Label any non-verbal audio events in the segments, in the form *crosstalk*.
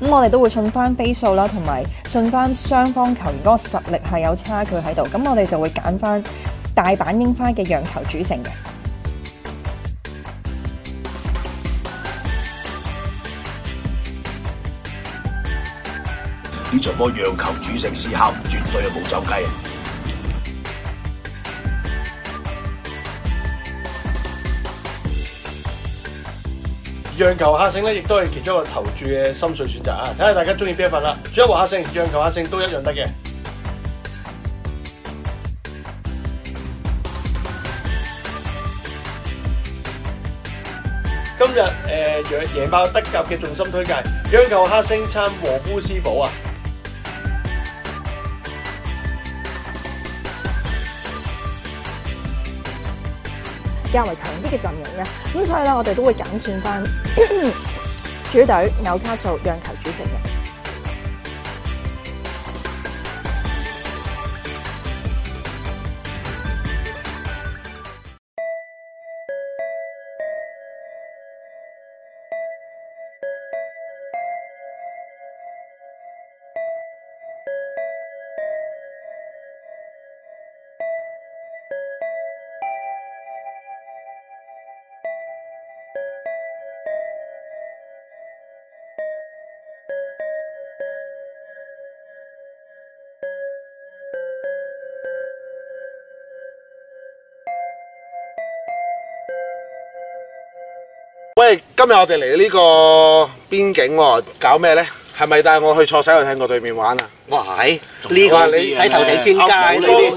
咁我哋都會信翻飛數啦，同埋信翻雙方球員嗰個實力係有差距喺度，咁我哋就會揀翻大阪櫻花嘅讓球主勝嘅。呢場波讓球主勝試考絕對係冇走雞。讓球客勝咧，亦都係其中一個投注嘅心水選擇啊！睇下大家中意邊一份啦，主一和客勝，讓球客勝都一樣、 *music* 呃、得嘅。今日誒，贏爆德甲嘅重心推介，讓球客勝參和夫斯堡啊！較為強啲嘅陣容，咁所以咧，我哋都會揀選翻主隊紐卡素讓球主勝嘅。今日我哋嚟呢個邊境喎，搞咩咧？係咪帶我去坐洗頭艇過對面玩啊？我係呢個你洗頭艇專家，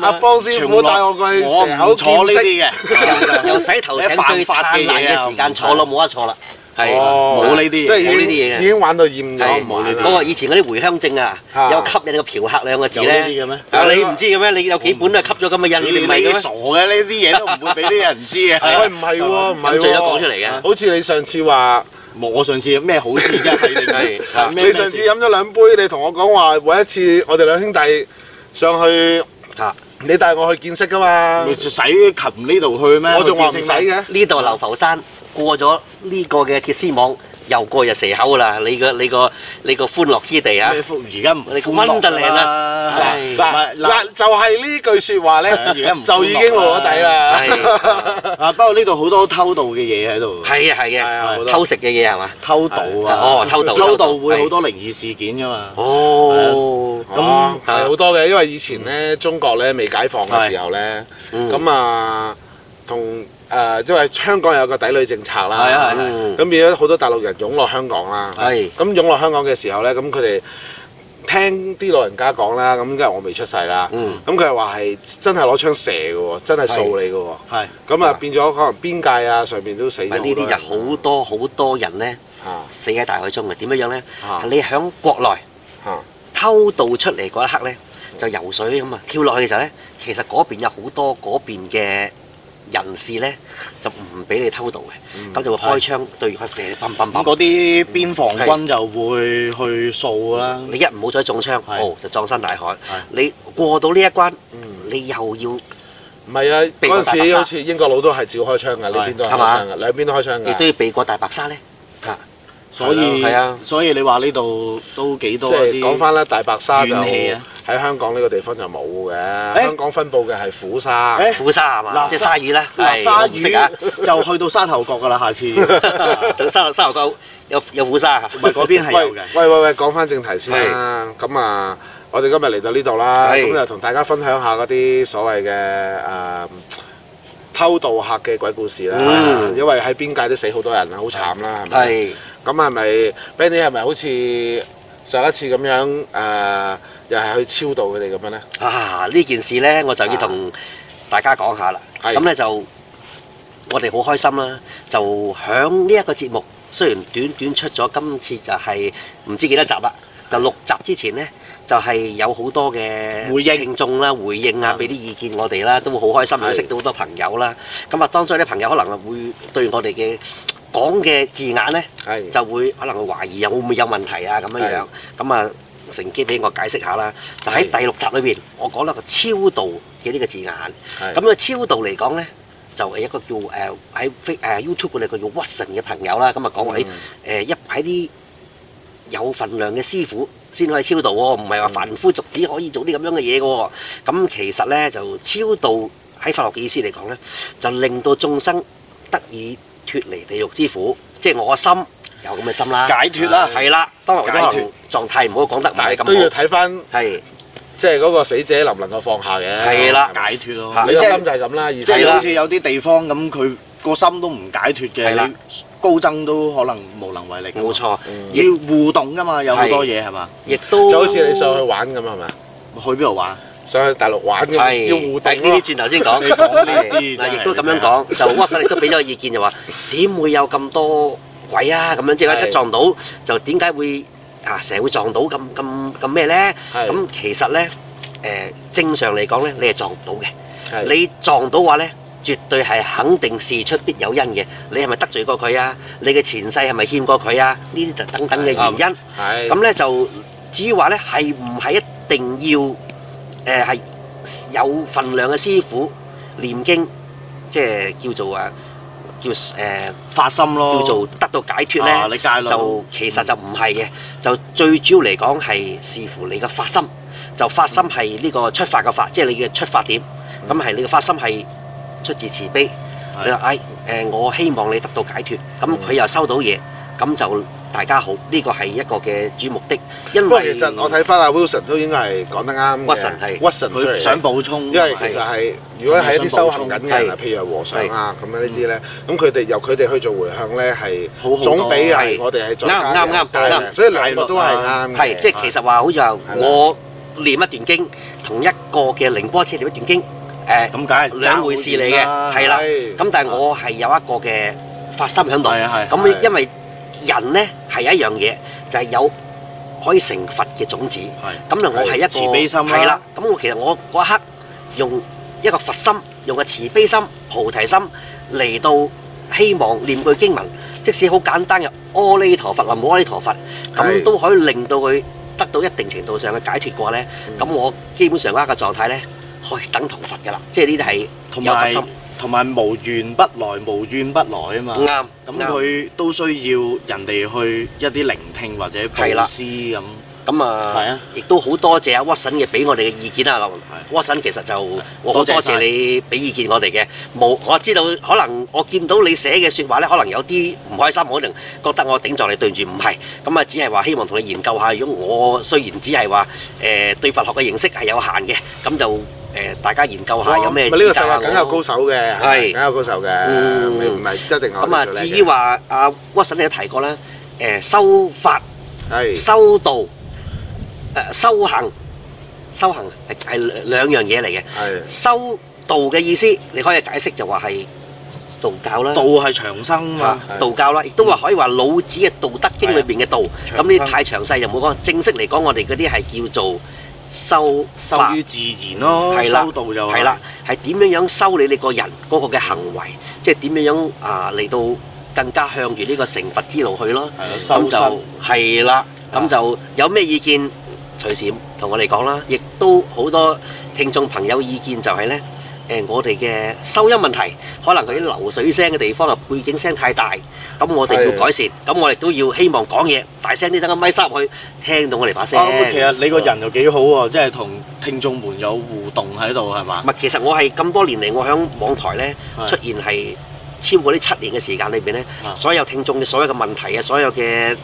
阿邦、啊啊、師傅全帶我過去，我唔坐呢啲嘅，又洗頭艇最難嘅時間、啊、坐啦，冇吧行得坐啦。係，冇呢啲嘢，冇呢啲嘢嘅，已經玩到厭咗。我話以前嗰啲回鄉證啊，有吸引個嫖客兩個字咧。啊，你唔知嘅咩？你有幾本啊？吸咗咁嘅印，你唔係傻嘅？呢啲嘢都唔會俾啲人知嘅。喂，唔係喎，唔係喎。好似你上次話，我上次有咩好事啫？係定係？你上次飲咗兩杯，你同我講話，每一次我哋兩兄弟上去。嚇！你帶我去見識噶嘛？咪使擒呢度去咩？我仲話唔使嘅。呢度流浮山。過咗呢個嘅鐵絲網，又過入蛇口㗎啦！你個你個你個歡樂之地啊！而家唔你歡樂啦，嗱嗱就係呢句説話咧，而家就已經冇咗底啦！啊，不過呢度好多偷渡嘅嘢喺度，係啊係嘅，偷食嘅嘢係嘛？偷渡啊！哦，偷渡偷渡會好多靈異事件㗎嘛！哦，咁係好多嘅，因為以前咧中國咧未解放嘅時候咧，咁啊同。誒、呃，因為香港有個抵壘政策啦，咁、嗯、變咗好多大陸人湧落香港啦。咁是湧落香港嘅時候咧，咁佢哋聽啲老人家講啦，咁因為我未出世啦，咁佢哋話係真係攞槍射嘅喎，真係掃你嘅喎。咁啊，變咗可能邊界啊上邊都死咗呢啲就好多好多人咧，人呢啊、死喺大海中嘅點樣樣咧？啊、你喺國內、啊、偷渡出嚟嗰一刻咧，就游水咁啊，跳落去嘅時候咧，其實嗰邊有好多嗰邊嘅。人士咧就唔俾你偷渡嘅，咁就會開槍對住佢射你。咁嗰啲邊防軍就會去掃啦。你一唔好再中槍，哦就葬身大海。你過到呢一關，你又要唔係啊？嗰陣時好似英國佬都係照開槍嘅，兩邊都開槍嘅，兩邊都開槍嘅。你都要避過大白鯊咧，嚇！所以係啊，所以你話呢度都幾多即係講翻啦，大白鯊就喺香港呢個地方就冇嘅。香港分佈嘅係虎鯊，虎鯊係嘛？即係鯊魚啦，鯊魚色啊，就去到沙頭角㗎啦。下次等沙沙頭角有有虎鯊，唔係嗰邊係有嘅。喂喂喂，講翻正題先啦。咁啊，我哋今日嚟到呢度啦，咁就同大家分享下嗰啲所謂嘅誒。偷渡客嘅鬼故事啦，嗯、因為喺邊界都死好多人啦，好慘啦，係咪？咁係咪 Benny 你係咪好似上一次咁樣誒、呃？又係去超渡佢哋咁樣咧？啊！呢件事咧，我就要同大家講下啦。咁咧、啊、就是我哋好開心啦，就響呢一個節目，雖然短短出咗，今次就係唔知幾多集啦，就六集之前咧。就係有好多嘅回應聽眾啦，回應呀，俾啲意見我哋啦，都會好開心，識到好多朋友啦。咁啊，當中有啲朋友可能會對我哋嘅講嘅字眼呢，就會可能會懷疑會唔會有問題啊，咁樣樣。咁啊，乘機俾我解釋下啦。就喺第六集裏面，我講咗個超度嘅呢個字眼。咁個超度嚟講呢，就係一個叫，呃，喺 YouTube 裏邊叫 Watson 嘅朋友啦。咁啊，講喺一排啲有份量嘅師傅，先可以超度喎，唔係話凡夫俗子可以做啲咁樣嘅嘢嘅喎。咁其實咧就超度喺佛教嘅意思嚟講咧，就令到眾生得以脫離地獄之苦，即係我個心有咁嘅心啦，解脫啦，係啦，當然我覺得狀態唔好講得，咁都要睇翻，係即係嗰個死者能唔能夠放下嘅，係啦，解脫咯，你個心就係咁啦，即係好似有啲地方咁，佢個心都唔解脫嘅。高增都可能無能為力，冇錯，要互動噶嘛，有好多嘢係嘛，亦都就好似你上去玩咁係嘛，去邊度玩？上去大陸玩嘅，要互動呢啲轉頭先講，你講呢啲，但係亦都咁樣講，就屈臣都俾咗意見就話，點會有咁多鬼啊？咁樣即係一撞到就點解會啊成日會撞到咁咁咁咩咧？咁其實咧誒正常嚟講咧，你係撞唔到嘅，你撞到話咧。絕對係肯定事出必有因嘅，你係咪得罪過佢啊？你嘅前世係咪欠過佢啊？呢啲就等等嘅原因。咁咧就至於話咧，係唔係一定要誒係、呃、有份量嘅師傅念經，即係叫做啊叫誒發、呃、心咯，叫做得到解脫咧，啊、解就其實就唔係嘅，就最主要嚟講係視乎你嘅發心，就發心係呢個出發嘅發，嗯、即係你嘅出發點，咁係、嗯、你嘅發心係。出自慈悲，你話：哎誒，我希望你得到解脱。咁佢又收到嘢，咁就大家好。呢個係一個嘅主目的。因為其實我睇翻阿 Wilson 都應該係講得啱。屈臣係屈臣出嚟。佢想補充，因為其實係如果係一啲修行緊嘅，譬如和尚啊咁樣呢啲咧，咁佢哋由佢哋去做回向咧，係總比係我哋係啱啱啱啱。所以兩個都係啱嘅。係即係其實話好似又我唸一段經，同一個嘅寧波車唸一段經。誒，咁解兩回事嚟嘅，係啦。咁但係我係有一個嘅發心喺度，咁因為人咧係一樣嘢，就係有可以成佛嘅種子。係，咁樣我係一個慈悲心係啦。咁我其實我嗰一刻用一個佛心，用個慈悲心、菩提心嚟到希望念句經文，即使好簡單嘅阿彌陀佛啊，無阿彌陀佛，咁都可以令到佢得到一定程度上嘅解脫過咧。咁我基本上嗰一個狀態咧。等同佛噶啦，即係呢啲係有佛同埋無怨不來，無怨不來啊嘛。啱、嗯，咁、嗯、佢都需要人哋去一啲聆聽或者配律施咁。咁啊，亦都好多謝阿 Watson 嘅俾我哋嘅意見啊，Watson 其實就我好多謝你俾意見我哋嘅。冇，我知道可能我見到你寫嘅説話咧，可能有啲唔開心，可能覺得我頂撞你對唔住，唔係。咁啊，只係話希望同你研究下。如果我雖然只係話誒對佛學嘅認識係有限嘅，咁就誒大家研究下有咩指教我，呢個時候話梗有高手嘅，梗有高手嘅，唔係一定。咁啊，至於話阿 Watson 你都提過啦，誒修法，係修道。修行、修行係係兩樣嘢嚟嘅。係修道嘅意思，你可以解釋就話係道教啦。道係長生嘛，道教啦，亦都話可以話老子嘅《道德經》裏邊嘅道。咁呢啲太詳細就冇講。正式嚟講我就是就是，我哋嗰啲係叫做修，順於自然咯。係啦，修道就係啦，係點樣樣修理你個人嗰個嘅行為，即係點樣樣啊嚟到更加向住呢個成佛之路去咯。係啦，修身係啦，咁就有咩意見，隨時同我哋講啦，亦都好多聽眾朋友意見就係呢誒、呃、我哋嘅收音問題，可能佢啲流水聲嘅地方啊，背景聲太大，咁我哋要改善，咁的我哋都要希望講嘢大聲啲，等個咪塞去，聽到我哋把聲、啊。其實你個人又幾好喎、啊，即係同聽眾們有互動喺度，係嘛？唔係，其實我係咁多年嚟，我喺網台呢的出現係超過呢七年嘅時間裏邊呢，的所有聽眾嘅所有嘅問題啊，所有嘅。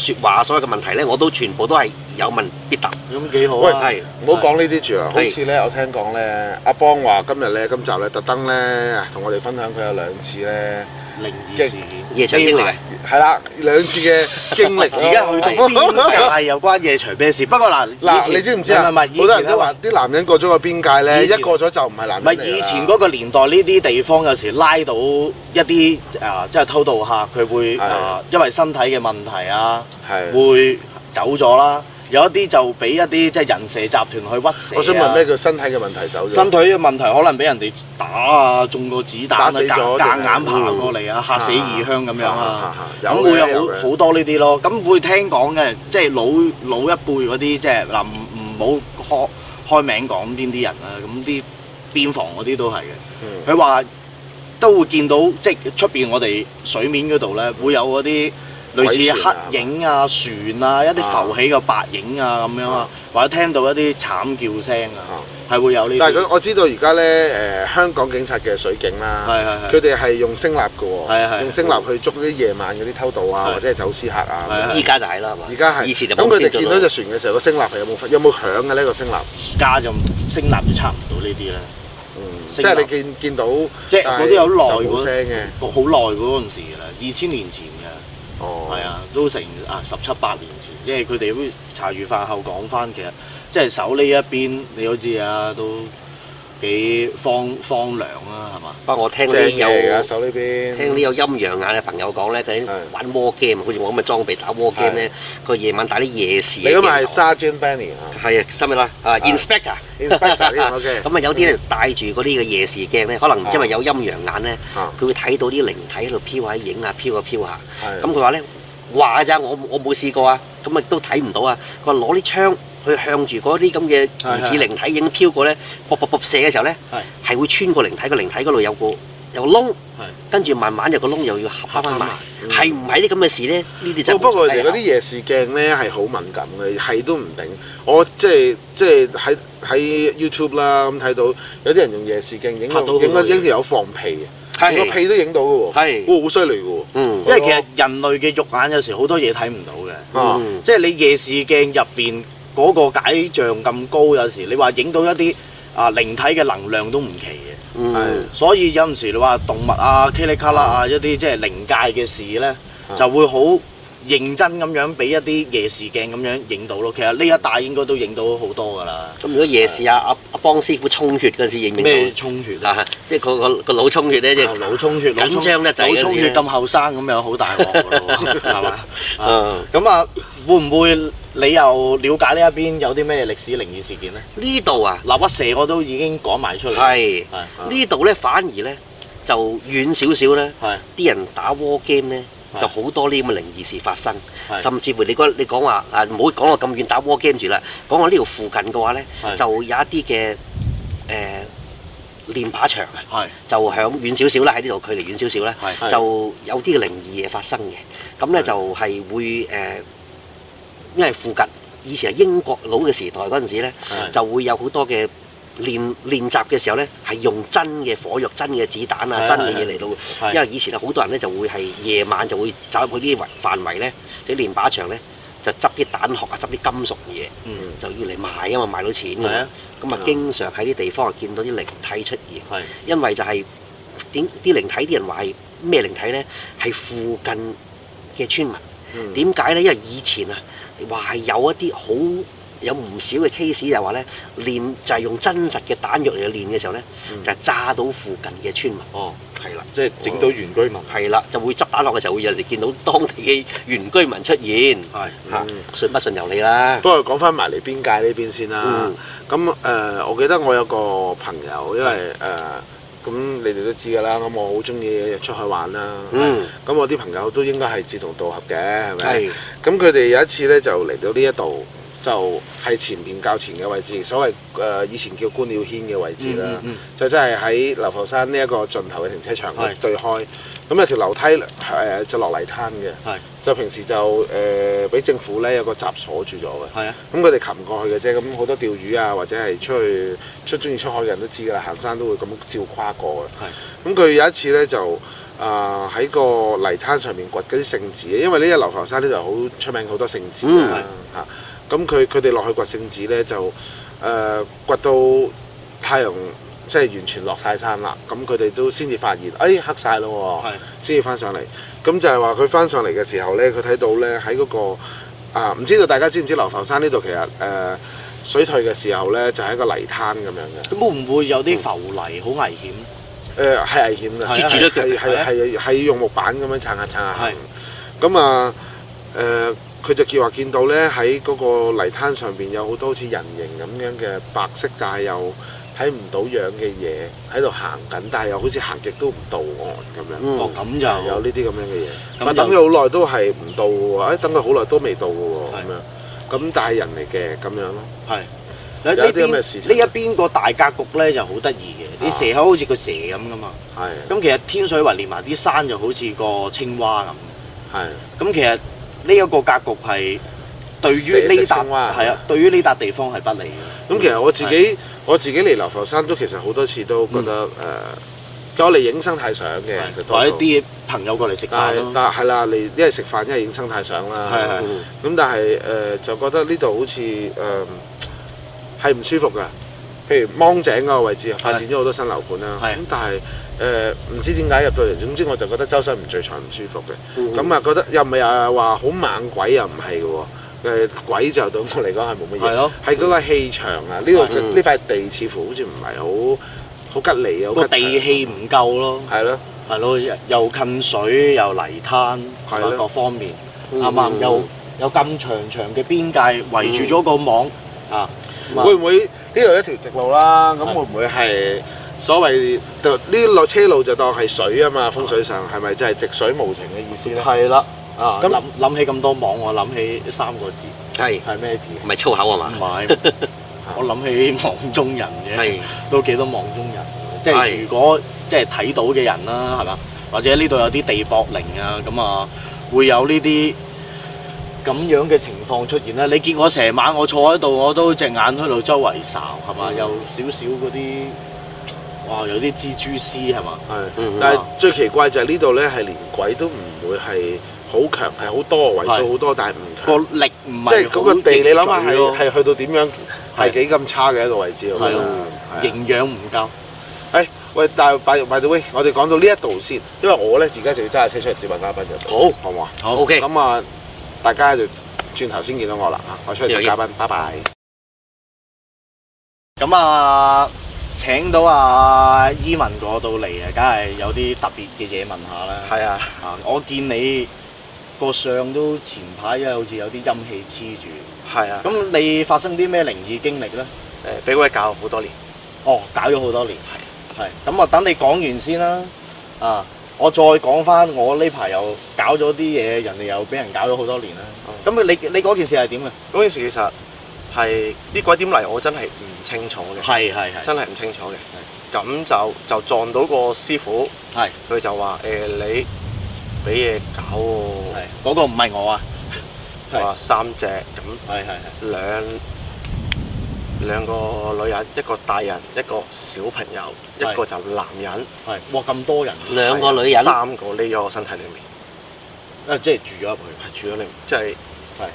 説話，所有嘅問題咧，我都全部都係有問必答，咁幾好、啊、喂，係是，唔是好講呢啲住啊！好似咧，我聽講咧，阿邦話今日咧，今集咧，特登咧，同我哋分享佢有兩次咧靈異事件，凌夜場經歷。乃係啦，兩次嘅經歷，而家 *laughs* 去到邊界係有關野場咩事？不過嗱嗱，你知唔知啊？係係好多人都話啲喂男人過咗個邊界咧，前一過咗就唔係男人嚟啦。以前嗰個年代，呢啲地方有時拉到一啲啊、呃，即係偷渡客，佢會啊是的、呃，因為身體嘅問題啊，是的 會走咗啦。有一啲就俾一啲即係人蛇集團去屈蛇啊。我想問咩叫身體嘅問題走咗？身體嘅問題可能俾人哋打啊，中個子彈啊，隔硬，硬爬，爬過嚟啊，會嚇死異鄉咁樣啊！咁、啊啊啊、會有好，好多呢啲咯，咁會聽講嘅，即、就、係、是、老老一輩嗰啲即係嗱唔好開開名講啲啲人啦，咁啲邊防嗰啲都係嘅。佢話、嗯、都會見到即係出邊我哋水面嗰度咧，會有嗰啲。嗯類似黑影啊、船啊、一啲浮起嘅白影啊咁樣啊，或者聽到一啲慘叫聲啊，係會有呢？但係佢我知道而家咧誒，香港警察嘅水警啦，佢哋係用聲納嘅喎，用聲納去捉啲夜晚嗰啲偷渡啊或者係走私客啊。依家就係啦，而家係。咁佢哋見到隻船嘅時候，個聲納係有冇有冇響嘅呢個聲納？而家就聲納就差唔到呢啲啦。即係你見見到，即係嗰啲有耐嘅聲嘅，好耐嗰陣時嘅啦，二千年前。哦，係、oh. 啊，都成啊十七八年前，因為佢哋會茶餘飯後講翻，其實即係守呢一邊，你都知啊，都。幾荒荒涼啊，係嘛？不過我聽呢有聽呢有陰陽眼嘅朋友講咧，整玩 war game，好似我咁嘅裝備打 war game 咧，佢夜晚打啲夜視。你嗰個係 Sergeant Benny 啊？係啊，收咪啦啊，Inspector。咁啊，有啲咧帶住嗰啲嘅夜視鏡咧，可能因為有陰陽眼咧，佢會睇到啲靈體喺度飄下、影啊，飄啊飄下。咁佢話咧話咋，我我冇試過啊，咁啊都睇唔到啊。佢話攞啲槍。佢向住嗰啲咁嘅疑似靈體影飄過咧，噗噗噗射嘅時候咧，係會穿過靈體。個靈體嗰度有個有窿，跟住慢慢有個窿又要合翻埋。係唔係啲咁嘅事咧？呢啲真。不過你嗰啲夜視鏡咧係好敏感嘅，係都唔定。我即係即係喺喺 YouTube 啦咁睇到有啲人用夜視鏡影影影到有放屁，連個屁都影到嘅喎。係，哇！好犀利嘅喎。因為其實人類嘅肉眼有時好多嘢睇唔到嘅。即係你夜視鏡入邊。嗰個解像咁高，有時你話影到一啲啊靈體嘅能量都唔奇嘅，係，所以有陣時你話動物啊、千里卡啦啊一啲即係靈界嘅事咧，就會好認真咁樣俾一啲夜視鏡咁樣影到咯。其實呢一帶應該都影到好多噶啦。咁如果夜視啊，阿阿邦師傅充血嗰時影到咩充血嗱？即係個個個腦充血咧，即係腦充血，緊張得就腦充血咁後生咁有好大鑊，係嘛？咁啊。會唔會你又瞭解呢一邊有啲咩歷史靈異事件咧？呢度啊，嗱，屈蛇我都已經講埋出嚟。係係。呢度咧反而咧就遠少少咧。係。啲人打 war game 咧就好多呢啲咁嘅靈異事發生。係。甚至乎你講你講話啊，唔好講話咁遠打 war game 住啦，講我呢度附近嘅話咧，就有一啲嘅誒練靶場啊。係。就響遠少少啦，喺呢度距離遠少少啦。係係。就有啲嘅靈異嘢發生嘅，咁咧就係會誒。因為附近以前係英國佬嘅時代嗰陣時咧，是的 就會有好多嘅練練習嘅時候呢，係用真嘅火藥、真嘅子彈啊、真嘅嘢嚟到。因為以前好多人呢，就會係夜晚就會走入去啲圍範圍呢，啲練靶場呢，就執啲彈殼啊、執啲金屬嘢，就要嚟賣啊嘛，賣到錢嘅。咁啊，經常喺啲地方啊見到啲靈體出現。因為就係點啲靈體，啲人話係咩靈體呢？係附近嘅村民。點解呢？因為以前啊。話有一啲好有唔少嘅 case，就話咧練就係、是、用真實嘅彈藥嚟去練嘅時候咧，嗯、就炸到附近嘅村民。哦，係啦，即係整到原居民。係啦、哦，就會執彈落嘅時候會有時見到當地嘅原居民出現。係嚇、嗯嗯，信不信由你啦。不過講翻埋嚟邊界呢邊先啦。咁誒、嗯呃，我記得我有個朋友，因為誒。咁你哋都知噶啦，咁我好中意日出去玩啦，咁、嗯、我啲朋友都應該係志同道合嘅，係咪？係。咁佢哋有一次咧就嚟到呢一度，就喺前面較前嘅位置，所謂誒、呃、以前叫觀鳥軒嘅位置啦，嗯嗯、就真係喺流浮山呢一個盡頭嘅停車場對開。咁有條樓梯，誒、呃、就落泥灘嘅。是的 就平時就誒俾、呃、政府咧有個閘鎖住咗嘅。咁佢哋擒過去嘅啫。咁好是的 多釣魚啊，或者係出去出中意出海嘅人都知㗎啦。行山都會咁照跨過嘅。咁佢是的 有一次咧就啊喺、呃、個泥灘上面掘嗰啲聖子，因為呢一流浮山呢就好出名，好多聖子啦。咁佢佢哋落去掘聖子咧就誒、呃、掘到太陽。即係完全落晒山啦，咁佢哋都先至發現，哎，黑晒咯喎，先至翻上嚟。咁就係話佢翻上嚟嘅時候呢，佢睇到呢喺嗰個啊，唔知道大家知唔知流浮山呢度其實誒水退嘅時候呢，就係一個泥灘咁樣嘅。會唔會有啲浮泥好危險？誒係危險嘅，係係係用木板咁樣撐下撐下。係。咁啊誒，佢就叫話見到呢喺嗰個泥灘上邊有好多好似人形咁樣嘅白色，但有，睇唔到樣嘅嘢喺度行緊，但係又好似行極都唔到岸咁樣。嗯，咁就有呢啲咁樣嘅嘢。咁又，等佢好耐都係唔到嘅喎。誒，等佢好耐都未到嘅喎。咁樣，咁但係人嚟嘅咁樣咯。係。有啲咩事情？呢一邊個大格局咧就好得意嘅。你蛇口好似個蛇咁噶嘛？係。咁其實天水圍連埋啲山就好似個青蛙咁。係。咁其實呢一個格局係對於呢笪係啊，對於呢笪地方係不利嘅。咁其實我自己。我自己嚟流浮山都其實好多次都覺得誒，叫我嚟影生態相嘅，是或者啲朋友過嚟食飯咯。也但係啦，嚟一係食飯，一係影生態相啦。咁但係誒、呃、就覺得呢度好似誒係唔舒服嘅。譬如芒井嗰個位置發展咗好多新樓盤啦。咁但係誒唔知點解入到嚟，總之我就覺得周身唔聚財，唔舒服嘅。咁啊、嗯、覺得又唔係話好猛鬼，又唔係嘅喎。誒鬼就對我嚟講係冇乜嘢，係嗰個氣場啊！呢度呢塊地似乎好似唔係好好吉利啊！個地氣唔夠咯，係咯，係咯，又近水又泥灘，各方面係咪？又有咁長長嘅邊界圍住咗個網啊！會唔會呢度一條直路啦？咁會唔會係所謂呢落車路就當係水啊嘛？風水上係咪真係直水無情嘅意思咧？係啦。啊！咁諗諗起咁多網，我諗起三個字，係係咩字？唔係粗口啊嘛？唔係是， *laughs* 我諗起網中人嘅，是都幾多網中人。即係如果是即係睇到嘅人啦，係嘛？或者呢度有啲地縛靈啊，咁啊會有呢啲咁樣嘅情況出現咧？你見我成晚我坐喺度，我都隻眼喺度周圍睄，係嘛？有少少嗰啲，哇！有啲蜘蛛絲係嘛？係，嗯、但係是、嗯、最奇怪就係呢度咧，係連鬼都唔會係。好強係好多位數好多，但係唔強。個力唔係即係嗰地，你諗下係係去到點樣，係幾咁差嘅一個位置啊！營養唔夠。誒喂，大伯伯，喂，我哋講到呢一度先，因為我咧而家就要揸架車出嚟接下嘉賓好，好唔好？好 OK。咁啊，大家就轉頭先見到我啦嚇！我出嚟接嘉賓，拜拜。咁啊，請到阿伊文嗰度嚟啊，梗係有啲特別嘅嘢問下啦。係啊，我見你。個相都前排因為好似有啲陰氣黐住，係啊。咁你發生啲咩靈異經歷咧？誒、呃，俾鬼搞好多、哦、多年，哦的，搞咗好多年，係係。咁啊，等你講完先啦，啊，我再講翻我呢排又搞咗啲嘢，人哋又俾人搞咗好多年啦。咁、嗯、你你嗰件事係點嘅？嗰件事其實係啲鬼點嚟，我真係唔清楚嘅，係係係，真係唔清楚嘅。咁的就就撞到個師傅，係的，佢的就話誒、呃呃呃、你。俾嘢搞喎！嗰個唔係我啊！話三隻咁，兩兩個女人，一個大人，一個小朋友，一個就男人。係哇！咁多人兩個女人，三個匿咗我身體裏面。啊！即係住咗入去，住咗你，即係係。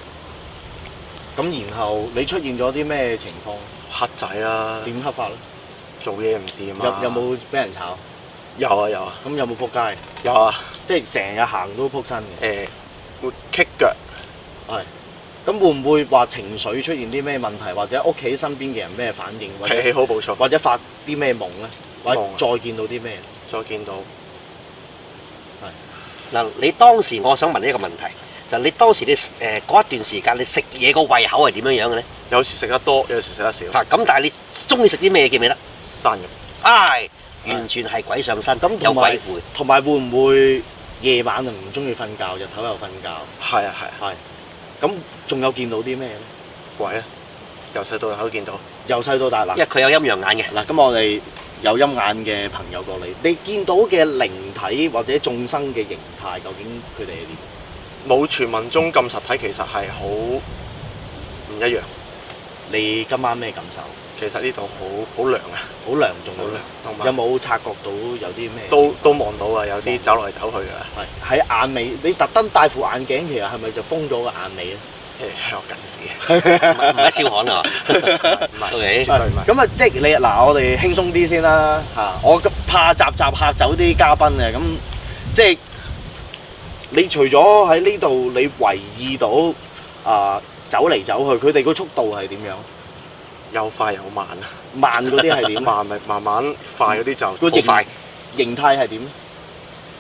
咁然後你出現咗啲咩情況？黑仔啦！點黑法咧？做嘢唔掂啊！有有冇俾人炒？有啊有啊！咁有冇仆街？有啊！即係成日行都仆親嘅。誒，會棘腳，係。咁會唔會話情緒出現啲咩問題，或者屋企身邊嘅人咩反應？脾氣好，冇錯。或者發啲咩夢咧？或者再見到啲咩？再見到。係。嗱，你當時我想問你一個問題，就係你當時你誒嗰一段時間，你食嘢個胃口係點樣樣嘅咧？有時食得多，有時食得少。嚇！咁但係你中意食啲咩嘢記唔記得？生肉。唉，完全係鬼上身。咁有同埋同埋會唔會？夜晚就唔中意瞓覺，日頭又瞓覺。係啊，係係、啊。咁仲、啊、有見到啲咩咧？鬼啊！由細到大都見到。由細到大。嗱，因為佢有陰陽眼嘅。嗱，咁我哋有陰眼嘅朋友過嚟，你見到嘅靈體或者眾生嘅形態，究竟佢哋係點？冇傳聞中咁實體，其實係好唔一樣。你今晚咩感受？其實呢度好好涼啊，好涼仲好涼，涼嗯、物有冇察覺到有啲咩？都都望到啊，有啲走嚟走去啊。係喺是眼尾，你特登戴副眼鏡，其實係咪就封咗個眼尾咧？係、欸、我近視，唔係燒焊啊！唔係咁啊，即係你嗱，我哋輕鬆啲先啦嚇。 *laughs* 我怕集集嚇走啲嘉賓啊，咁即係你除咗喺呢度，你留意到啊、呃、走嚟走去，佢哋個速度係點樣？又快又慢啊！慢嗰啲係點？慢咪慢慢，快嗰啲就嗰啲快。嗯、形態係點？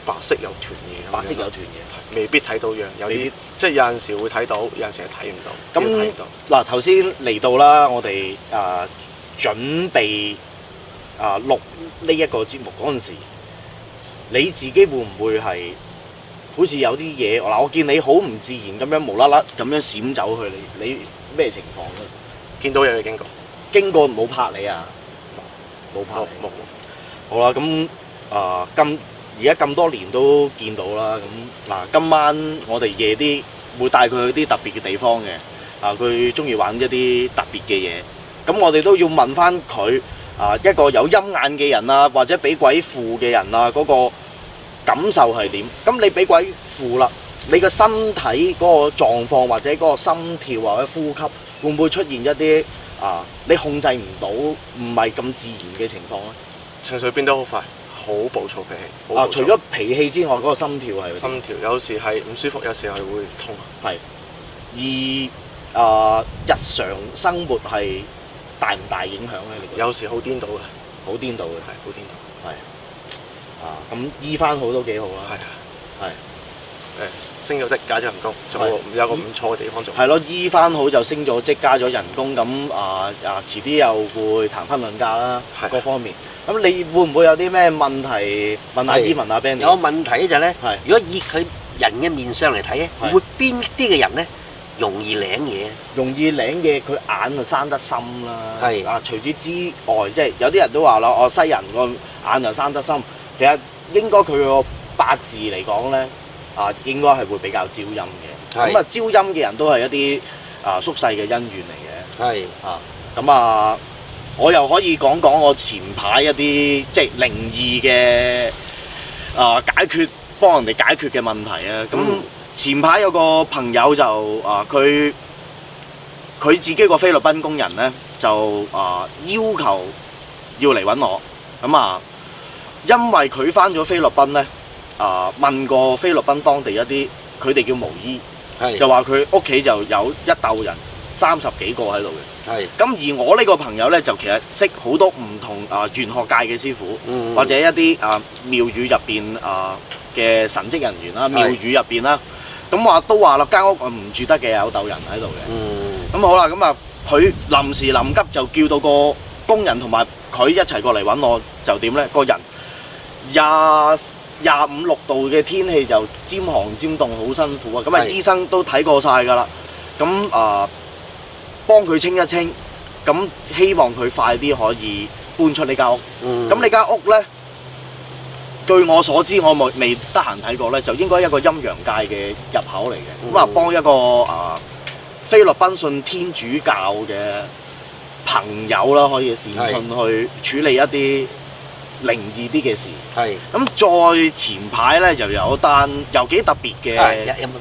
白色有團嘢。白色有團嘢，未必睇到樣，必有啲點即係有陣時會睇到，有陣時係睇唔到。咁睇唔到嗱必，頭先嚟到啦那，我哋誒、呃、準備誒錄呢一個節目嗰陣時，你自己會唔會係好似有啲嘢？嗱，我見你好唔自然咁樣無啦啦咁樣閃走去，你你咩情況啊？見到有嘢經過。經過唔好拍你啊，冇拍冇沒。好啦，咁啊、呃，今而家咁多年都見到啦。咁嗱，今晚我哋夜啲會帶佢去啲特別嘅地方嘅。啊，佢中意玩一啲特別嘅嘢。咁我哋都要問翻佢啊，一個有陰眼嘅人啊，或者俾鬼附嘅人啊，嗰個感受係點？咁你俾鬼附啦，你個身體嗰個狀況或者嗰個心跳或者呼吸會唔會出現一啲？啊！你控制唔到，唔係咁自然嘅情況咧、啊，情緒變得好快，好暴躁脾氣啊！除咗脾氣之外，嗰個心跳係，心跳有時係唔舒服，有時係會痛，係。而啊、呃，日常生活係大唔大影響咧？有時好顛倒嘅，嗯、好顛倒嘅，係好顛倒，係啊！咁醫翻好都幾好啊，係，係。誒升咗職，加咗人工，仲有個唔錯嘅地方做。係咯，醫翻好就升咗職，加咗人工。咁啊啊，遲啲又會談婚論嫁啦。是的 各方面。咁你會唔會有啲咩問題問下依文是的 問下 Benny 有問題咧就咧、係，如果以佢人嘅面相嚟睇咧，會邊啲嘅人咧容易領嘢？容易領嘢，佢眼就生得深啦。係是的 啊，除此之外，即、就、係、係、有啲人都話咯，哦，西人個眼就生得深。其實應該佢個八字嚟講咧。啊，應該係會比較招陰嘅。咁啊，招陰嘅人都係一啲啊宿世嘅恩怨嚟嘅。係啊，咁啊，我又可以講講我前排一啲即係靈異嘅啊解決幫人哋解決嘅問題啊。咁前排有個朋友就啊，佢佢自己個菲律賓工人咧，就啊要求要嚟揾我。咁啊，因為佢返咗菲律賓咧。啊！問過菲律賓當地一啲，佢哋叫巫醫，的就話佢屋企就有一竇人三十幾個喺度嘅。咁的而我呢個朋友咧，就其實識好多唔同啊玄學界嘅師傅，嗯嗯或者一啲啊廟宇入邊啊嘅神職人員啦，廟的宇入邊啦。咁、啊、話都話啦，間屋唔住得嘅，有竇人喺度嘅。咁、嗯、好啦，咁啊佢臨時臨急就叫到個工人同埋佢一齊過嚟揾我，就點咧？個人廿。Yes. 廿五六度嘅天氣就尖寒尖凍，好辛苦啊！咁啊，醫生都睇過晒噶啦，咁啊、呃、幫佢清一清，咁希望佢快啲可以搬出呢間屋。咁呢間屋呢，據我所知，我未得閒睇過呢，就應該一個陰陽界嘅入口嚟嘅。咁啊，幫一個啊、呃、菲律賓信天主教嘅朋友啦，可以善信去處理一啲。靈異啲嘅事是，係咁，再前排咧又有單又幾特別嘅，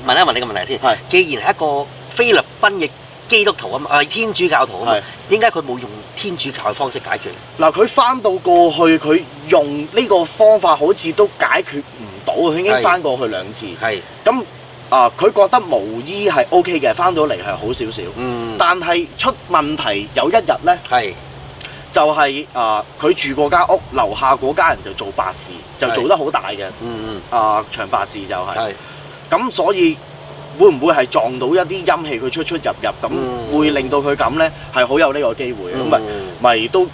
問一問你個問題先。係是，既然係一個菲律賓嘅基督徒啊嘛，係天主教徒啊嘛，點解佢冇用天主教嘅方式解決？嗱，佢翻到過去，佢用呢個方法好似都解決唔到，佢已經翻過去兩次。係是，咁啊，佢覺得無醫係 OK 嘅，翻到嚟係好少少。嗯，但係出問題有一日咧，係是。就係、是、啊！佢、呃、住嗰間屋，樓下嗰家人就做白事，是就做得好大嘅。嗯嗯。啊、呃，長白事就係、是。係是。咁所以會唔會係撞到一啲陰氣佢出出入入咁，嗯、會令到佢咁呢？係好有呢個機會。咁咪、嗯、都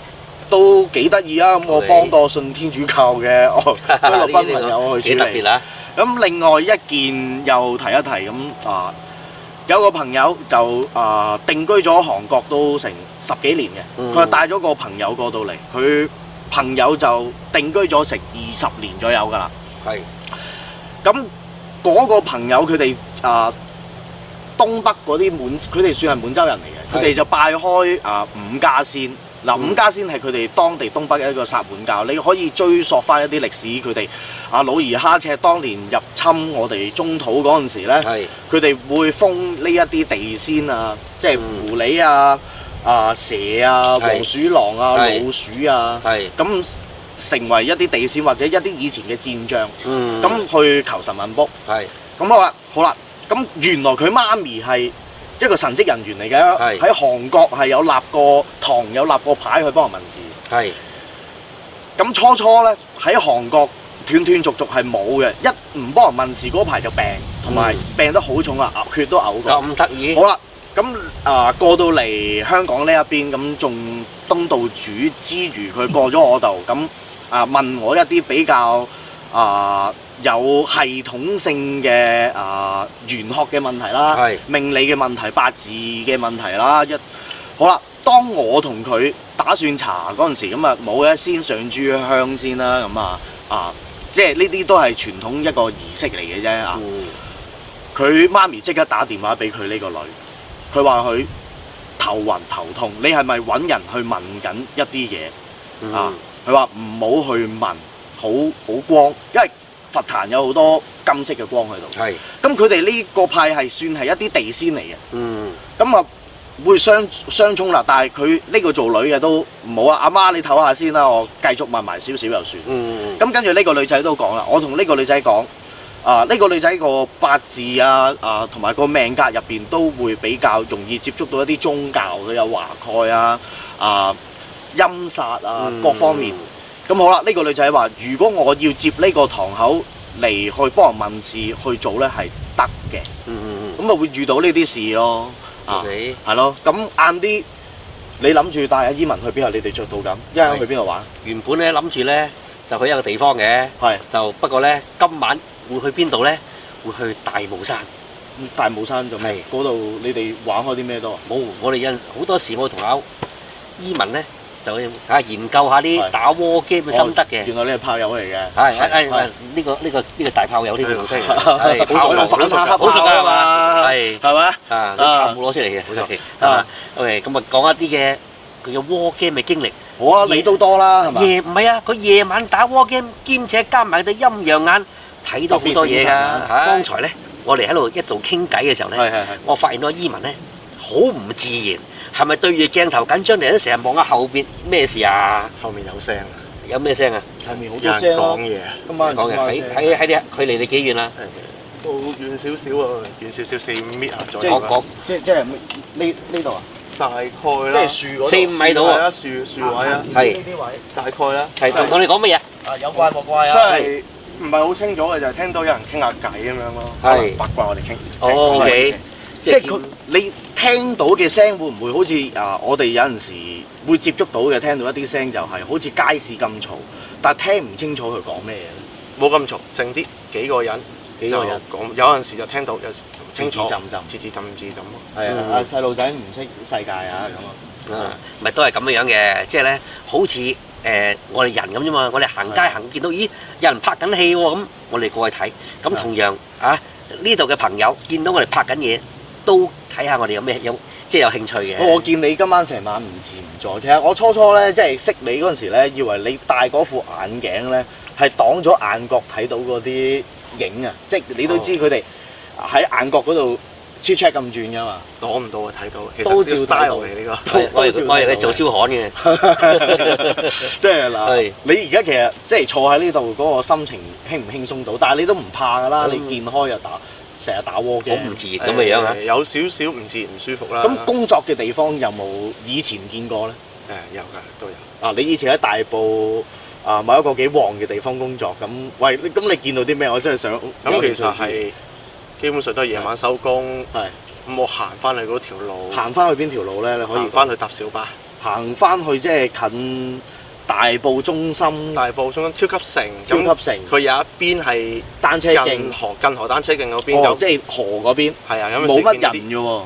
都幾得意啊！咁我幫過信天主教嘅菲律賓朋友去處理。幾特別咁、啊、另外一件又提一提咁啊！有個朋友就啊、呃、定居咗韓國都成十幾年嘅，佢帶咗個朋友過到嚟，佢朋友就定居咗成二十年左右㗎啦。係是，咁嗰、嗰個朋友佢哋啊，東北嗰啲滿，佢哋算係滿洲人嚟嘅，佢哋就拜開啊、呃、五家先。嗱，五家仙係佢哋當地東北嘅一個薩滿教，你可以追溯翻一啲歷史，佢哋阿努爾哈赤當年入侵我哋中土嗰陣時咧，佢哋會封呢一啲地仙啊，即係狐狸啊、啊蛇啊、黃鼠狼啊、老鼠啊，咁成為一啲地仙或者一啲以前嘅戰將，咁去求神問卜。係，咁好啦，好啦，咁原來佢媽咪係。一個神職人員嚟嘅，喺是韓國係有立過堂，有立過牌去幫人問事。係是。咁初初咧喺韓國斷斷續續係冇嘅，一唔幫人問事嗰排就病，同埋病得好重啊，嘔血都嘔過。咁得意。好啦，咁啊、呃、過到嚟香港呢一邊，咁仲東道主之餘，佢過咗我度，咁、呃、啊問我一啲比較啊。呃有系統性嘅啊、呃，玄學嘅問題啦，是命理嘅問題、八字嘅問題啦，一好啦。當我同佢打算查嗰陣時，咁啊冇咧，先上柱香先啦，咁啊啊，即係呢啲都係傳統一個儀式嚟嘅啫啊。佢媽咪即刻打電話俾佢呢個女，佢話佢頭暈頭痛，你係咪揾人去問緊一啲嘢、嗯、啊？佢話唔好去問，好好光，因為佛壇有好多金色嘅光喺度，咁佢哋呢個派係算係一啲地仙嚟嘅，咁啊、嗯、會相相沖啦。但係佢呢個做女嘅都唔好啊，阿媽，媽你唞下先啦，我繼續問埋少少就算。咁跟住呢個女仔都講啦，我同呢個女仔講，啊、呃、呢、呢個女仔個八字啊啊同埋個命格入邊都會比較容易接觸到一啲宗教嘅，有華蓋啊啊陰、呃、煞啊各方面。嗯咁好啦，呢個女仔話：如果我要接呢個堂口嚟去幫人問事去做呢，係得嘅。嗯嗯嗯，咁啊會遇到呢啲事咯。啊，係咯。咁晏啲你諗住帶阿依文去邊度？你哋着到咁，一陣去邊度玩？原本呢諗住呢就去一個地方嘅，就不過呢今晚會去邊度呢？會去大帽山。咁大帽山仲係嗰度，你哋玩開啲咩多？冇，我哋有好多時我同阿依文呢。研究下啲打 war game 嘅心得嘅。原來你係炮友嚟嘅。係，係，係，呢個，呢個呢個大炮友呢條友，好熟啊，好熟啊，係嘛？係係嘛？啊冇攞出嚟嘅，冇事，係嘛？咁啊講一啲嘅佢嘅 war game 嘅經歷，好啊你都多啦，夜唔係啊，佢夜晚打 war game 兼且加埋對陰陽眼，睇到好多嘢啊，剛才咧我哋喺度一度傾偈嘅時候咧，我發現到伊文咧好唔自然。係咪對住鏡頭緊張？你都成日望下後邊咩事啊？後面有聲啊？有咩聲啊？後面好多聲咯。有人講嘢啊！今晚喺喺喺你距離你幾遠啊？遠少少啊，遠少少四五米啊，左右啊。即係即係即係呢呢度啊？大概啦。即係樹嗰度。四五米到啊！樹樹位啊。係。呢啲位。大概啦。係同同你講乜嘢？啊有怪莫怪啊！即係唔係好清楚嘅，就係聽到有人傾下偈咁樣咯。係八卦我哋傾。哦。O K。即係佢你。聽到嘅聲會唔會好似啊？我哋有陣時會接觸到嘅聽到一啲聲就係好似街市咁嘈，但係聽唔清楚佢講咩嘢。冇咁嘈，靜啲，幾個人？幾個人？講有陣時就聽到，有清楚，暫暫，暫暫咁。係啊，細路仔唔識世界啊，咁啊。咪都係咁嘅樣嘅，即係咧，好似誒我哋人咁啫嘛。我哋行街行見到，咦，有人拍緊戲喎，咁我哋過去睇。咁同樣啊，呢度嘅朋友見到我哋拍緊嘢。都睇下我哋有咩，有即係有興趣嘅。 *noise* 我見你今晚成晚唔自唔在，其實我初初咧，即係識你嗰陣時咧，以為你戴嗰副眼鏡咧係擋咗眼角睇到嗰啲影啊，即係你都知佢哋喺眼角嗰度 check check 咁轉噶嘛，擋唔到啊，睇到。都照 style 嚟呢個。我，我係你做燒焊嘅。即係嗱，你而家其實即係坐喺呢度嗰個心情輕唔輕鬆到，但係你都唔怕噶啦，你見開就打。成日打窩嘅，好唔自然咁嘅樣，有少少唔自然，唔舒服啦。咁工作嘅地方有冇以前見過咧？誒、嗯、有㗎，都有。嗱、啊、你以前喺大埔啊某一個幾旺嘅地方工作，咁喂，咁你見到啲咩？我真係想咁、嗯、其實係、係、基本上都係夜晚收工，係咁我行翻去嗰條路，行翻去邊條路咧？你可以翻去搭小巴，行翻去即係近。大埔中心，大埔中心超級城，超級城，佢有一邊係單車徑，近河近河單車徑嗰邊，哦，即係河嗰邊，係啊，有冇乜人嘅？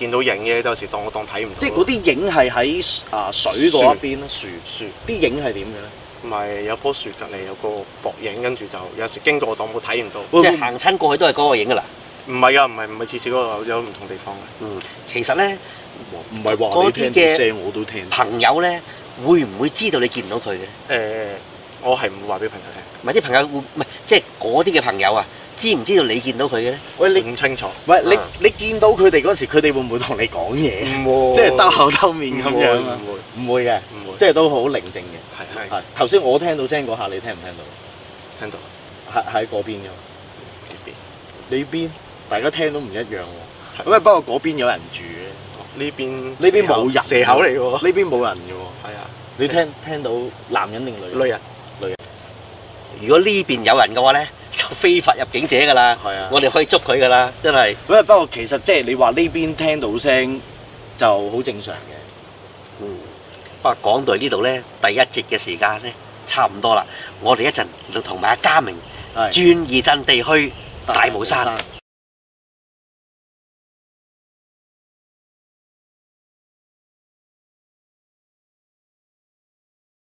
見到影嘅，有時當我當睇唔到，即係嗰啲影係喺啊水嗰一邊，樹樹，啲影係點嘅咧？唔係，有棵樹隔籬有個薄影，跟住就有時經過當冇睇唔到，即係行親過去都係嗰個影噶啦。唔係啊，唔係唔係，次次嗰度有唔同地方嘅。嗯，其實咧，唔係話你聽啲聲，我都聽。朋友咧。會唔會知道你見唔到佢嘅？誒，我係唔會話俾朋友聽。唔係啲朋友會，唔係即係嗰啲嘅朋友啊，知唔知道你見到佢嘅咧？我唔清楚。唔係，你你見到佢哋嗰時，佢哋會唔會同你講嘢？即係兜口兜面咁樣啊？唔會，唔會嘅，唔會，即係都好寧靜嘅。係係係。頭先我聽到聲嗰下，你聽唔聽到？聽到，喺喺嗰邊㗎。邊？呢邊？大家聽都唔一樣喎。不過嗰邊有人住嘅，呢邊呢邊冇人，蛇口嚟喎，呢邊冇人㗎喎。係啊！你聽，聽到男人定女，女人？女人，女人。如果呢邊有人嘅話咧，就非法入境者噶啦。係啊的！我哋可以捉佢噶啦，真係。咁啊，不過其實即係你話呢邊聽到聲，嗯、就好正常嘅。嗯。啊，講到呢度咧，第一節嘅時間咧，差唔多啦。我哋一陣就同埋阿嘉明轉的移陣地去大帽山。